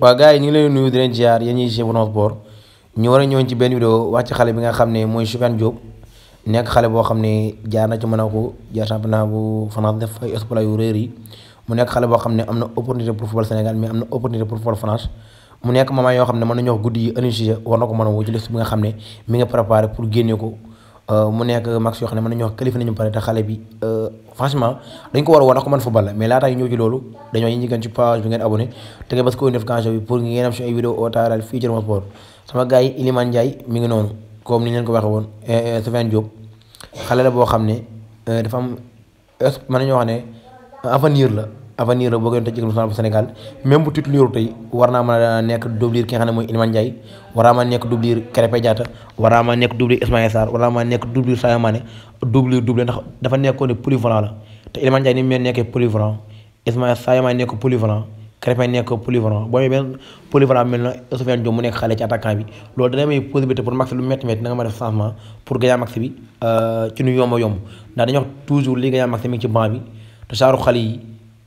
waa gars yi ñu ngi leen nuyu di leen ziar yéen ñuy suivre sport ñu war a ñëwoon ci benn vidéo wax ci xale bi nga xam ne mooy Sofiane Diop nekk xale boo xam ne jaar na ci Monaco jaar championnat bu France def ay exploits yu réer yi mu nekk xale boo xam ne am na opportunité pour football Sénégal mais am na opportunité pour football France mu nekk moment yoo xam ne mën nañu wax guddi yi Aliou Cissé e, war na ko mën a woo ci bi nga xam ne mi nga préparé pour génne ko mu nekk max yoo xam ne mën nañoo kalifa nañu pare te xale bi franchement dañ ko war woon ak ko man football la mais laata ñëw ci loolu dañoo ñi gën ci page bi ngeen abonné te ngeen bas koy def gange bi pour ngeen am si ay vidéo au taaral fii ci sport sama gars yi Iliman Ndiaye mi ngi noonu comme ni ngeen ko waxee woon Sofiane Diop xale la boo xam ne dafa am mën nañoo xam ne avenir la avenir la boo ko doon tëj équipe bu Sénégal même bu titulaire tey war naa a nekk doublure ki nga xam ne a nekk doublure Krépin Diatta war a nekk doublure Ismaïla Sarr war naa mën a nekk doublure dafa nekkoon ne la te Iliman Ndiaye ni mu nekkee polyvalent Ismaïla nekk polyvalent Krépin nekk polyvalent boo may benn polyvalent mel na Sofiane Diop mu nekk xale ci attaquant bi loolu dana may possibilité pour max lu métti métti na nga a def changement pour Guèye max bi euh, ci nu yomb a yomb ndax dañuy wax toujours li Guèye max mi ngi ci banc bi te yi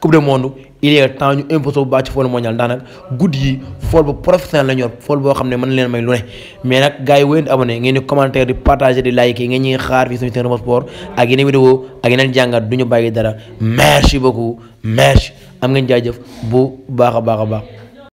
coupe du monde il est temps ñu imposé bu baax ci football mondial daanaka guddi yi football bu professionnel la ñor football boo xam ne mën leen may lu ne mais nag gars yi wéy di abonné ngeen di commentaire di partager di like ngeen ñuy xaar fii suñu seen Rmo Sport ak yeneen vidéo ak yeneen jàngat du ñu bàyyi dara merci beaucoup merci am ngeen jaajëf bu baax a baax a baax.